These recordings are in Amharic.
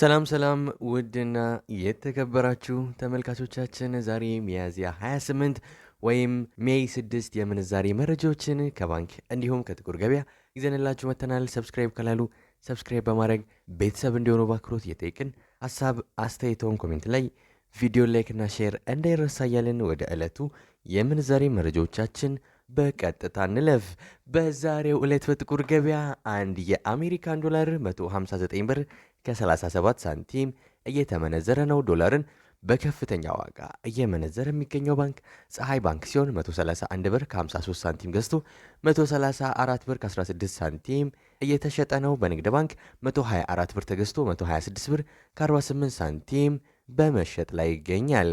ሰላም ሰላም ውድና የተከበራችሁ ተመልካቾቻችን ዛሬ ሚያዝያ 28 ወይም ሜይ 6 የምንዛሬ መረጃዎችን ከባንክ እንዲሁም ከጥቁር ገበያ ይዘንላችሁ መተናል። ሰብስክራይብ ካላሉ ሰብስክራይብ በማድረግ ቤተሰብ እንዲሆኑ በአክብሮት እየጠየቅን ሀሳብ አስተያየተውን ኮሜንት ላይ ቪዲዮ ላይክና ሼር እንዳይረሳ እያልን ወደ ዕለቱ የምንዛሬ መረጃዎቻችን በቀጥታ እንለፍ። በዛሬው ዕለት በጥቁር ገበያ አንድ የአሜሪካን ዶላር 159 ብር ከ37 ሳንቲም እየተመነዘረ ነው። ዶላርን በከፍተኛ ዋጋ እየመነዘረ የሚገኘው ባንክ ፀሐይ ባንክ ሲሆን 131 ብር ከ53 ሳንቲም ገዝቶ 134 ብር ከ16 ሳንቲም እየተሸጠ ነው። በንግድ ባንክ 124 ብር ተገዝቶ 126 ብር ከ48 ሳንቲም በመሸጥ ላይ ይገኛል።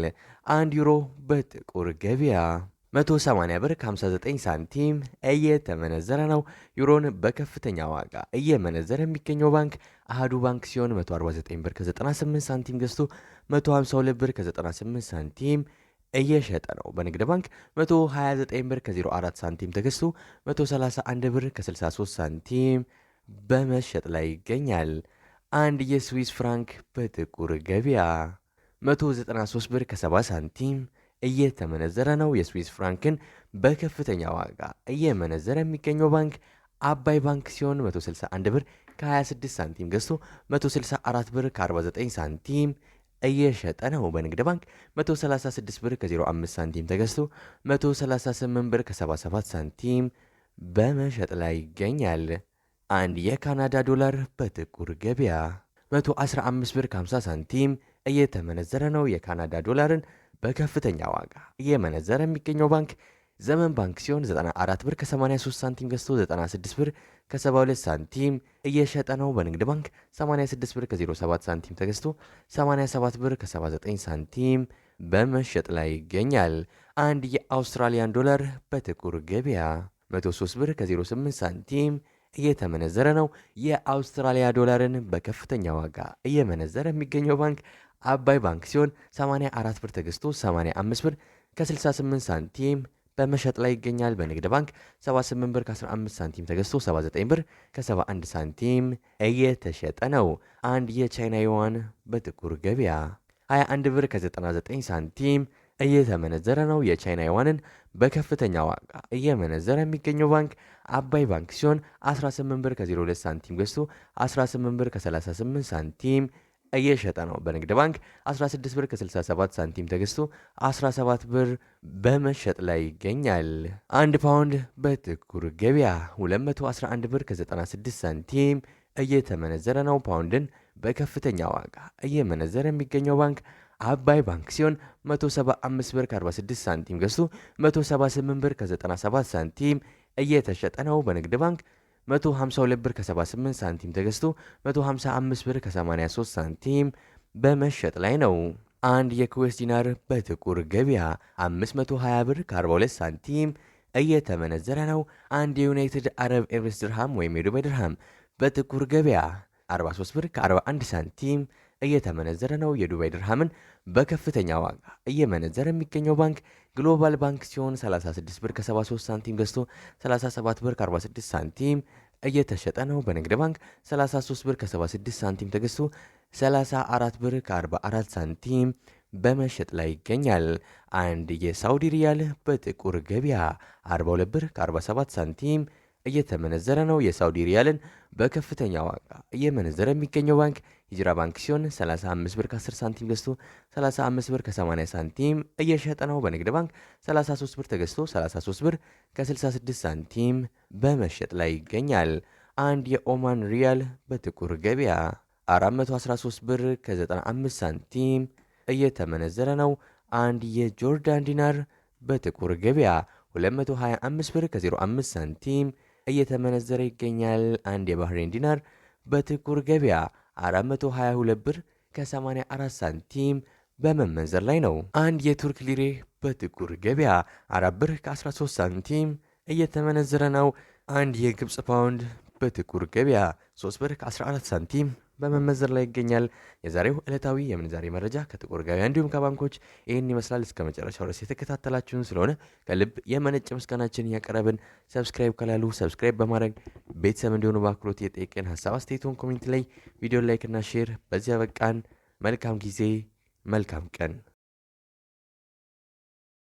አንድ ዩሮ በጥቁር ገበያ 180 ብር ከ59 ሳንቲም እየተመነዘረ ነው። ዩሮን በከፍተኛ ዋጋ እየመነዘረ የሚገኘው ባንክ አህዱ ባንክ ሲሆን 149 ብር ከ98 ሳንቲም ገዝቶ 152 ብር ከ98 ሳንቲም እየሸጠ ነው። በንግድ ባንክ 129 ብር ከ04 ሳንቲም ተገዝቶ 131 ብር ከ63 ሳንቲም በመሸጥ ላይ ይገኛል። አንድ የስዊስ ፍራንክ በጥቁር ገበያ 193 ብር ከ70 ሳንቲም እየተመነዘረ ነው። የስዊስ ፍራንክን በከፍተኛ ዋጋ እየመነዘረ የሚገኘው ባንክ አባይ ባንክ ሲሆን 161 ብር ከ26 ሳንቲም ገዝቶ 164 ብር ከ49 ሳንቲም እየሸጠ ነው። በንግድ ባንክ 136 ብር ከ05 ሳንቲም ተገዝቶ 138 ብር ከ77 ሳንቲም በመሸጥ ላይ ይገኛል። አንድ የካናዳ ዶላር በጥቁር ገበያ 115 ብር ከ50 ሳንቲም እየተመነዘረ ነው። የካናዳ ዶላርን በከፍተኛ ዋጋ እየመነዘረ የሚገኘው ባንክ ዘመን ባንክ ሲሆን 94 ብር ከ83 ሳንቲም ገዝቶ 96 ብር ከ72 ሳንቲም እየሸጠ ነው። በንግድ ባንክ 86 ብር ከ07 ሳንቲም ተገዝቶ 87 ብር ከ79 ሳንቲም በመሸጥ ላይ ይገኛል። አንድ የአውስትራሊያን ዶላር በጥቁር ገበያ 103 ብር ከ08 ሳንቲም እየተመነዘረ ነው። የአውስትራሊያ ዶላርን በከፍተኛ ዋጋ እየመነዘረ የሚገኘው ባንክ አባይ ባንክ ሲሆን 84 ብር ተገዝቶ 85 ብር ከ68 ሳንቲም በመሸጥ ላይ ይገኛል። በንግድ ባንክ 78 ብር ከ15 ሳንቲም ተገዝቶ 79 ብር ከ71 ሳንቲም እየተሸጠ ነው። አንድ የቻይና ዩዋን በጥቁር ገበያ 21 ብር ከ99 ሳንቲም እየተመነዘረ ነው። የቻይና ዩዋንን በከፍተኛ ዋጋ እየመነዘረ የሚገኘው ባንክ አባይ ባንክ ሲሆን 18 ብር ከ02 ሳንቲም ገዝቶ 18 ብር ከ38 ሳንቲም እየሸጠ ነው። በንግድ ባንክ 16 ብር ከ67 ሳንቲም ተገዝቶ 17 ብር በመሸጥ ላይ ይገኛል። አንድ ፓውንድ በጥቁር ገበያ 211 ብር ከ96 ሳንቲም እየተመነዘረ ነው። ፓውንድን በከፍተኛ ዋጋ እየመነዘረ የሚገኘው ባንክ አባይ ባንክ ሲሆን 175 ብር ከ46 ሳንቲም ገዝቶ 178 ብር ከ97 ሳንቲም እየተሸጠ ነው። በንግድ ባንክ 152 ብር ከ78 ሳንቲም ተገዝቶ 155 ብር ከ83 ሳንቲም በመሸጥ ላይ ነው። አንድ የኩዌስ ዲናር በጥቁር ገበያ 520 ብር ከ42 ሳንቲም እየተመነዘረ ነው። አንድ የዩናይትድ አረብ ኤምሬትስ ድርሃም ወይም የዱባይ ድርሃም በጥቁር ገበያ 43 ብር ከ41 ሳንቲም እየተመነዘረ ነው። የዱባይ ድርሃምን በከፍተኛ ዋጋ እየመነዘረ የሚገኘው ባንክ ግሎባል ባንክ ሲሆን 36 ብር ከ73 ሳንቲም ገዝቶ 37 ብር ከ46 ሳንቲም እየተሸጠ ነው። በንግድ ባንክ 33 ብር ከ76 ሳንቲም ተገዝቶ 34 ብር ከ44 ሳንቲም በመሸጥ ላይ ይገኛል። አንድ የሳውዲ ሪያል በጥቁር ገበያ 42 ብር ከ47 ሳንቲም እየተመነዘረ ነው። የሳውዲ ሪያልን በከፍተኛ ዋጋ እየመነዘረ የሚገኘው ባንክ ሂጅራ ባንክ ሲሆን 35 ብር ከ10 ሳንቲም ገዝቶ 35 ብር ከ80 ሳንቲም እየሸጠ ነው። በንግድ ባንክ 33 ብር ተገዝቶ 33 ብር ከ66 ሳንቲም በመሸጥ ላይ ይገኛል። አንድ የኦማን ሪያል በጥቁር ገበያ 413 ብር ከ95 ሳንቲም እየተመነዘረ ነው። አንድ የጆርዳን ዲናር በጥቁር ገበያ 225 ብር ከ05 ሳንቲም እየተመነዘረ ይገኛል። አንድ የባህሬን ዲናር በጥቁር ገበያ 422 ብር ከ84 ሳንቲም በመመንዘር ላይ ነው። አንድ የቱርክ ሊሬ በጥቁር ገበያ 4 ብር ከ13 ሳንቲም እየተመነዘረ ነው። አንድ የግብፅ ፓውንድ በጥቁር ገበያ 3 ብር ከ14 ሳንቲም በመመዘር ላይ ይገኛል። የዛሬው ዕለታዊ የምንዛሬ መረጃ ከጥቁር ገበያ እንዲሁም ከባንኮች ይህን ይመስላል። እስከ መጨረሻው ድረስ የተከታተላችሁን ስለሆነ ከልብ የመነጨ ምስጋናችን እያቀረብን ሰብስክራይብ ካላሉ ሰብስክራይብ በማድረግ ቤተሰብ እንዲሆኑ በአክብሮት የጠየቅን ሀሳብ አስተያየቶን ኮሜንት ላይ ቪዲዮ ላይክና ሼር። በዚያ በቃን። መልካም ጊዜ፣ መልካም ቀን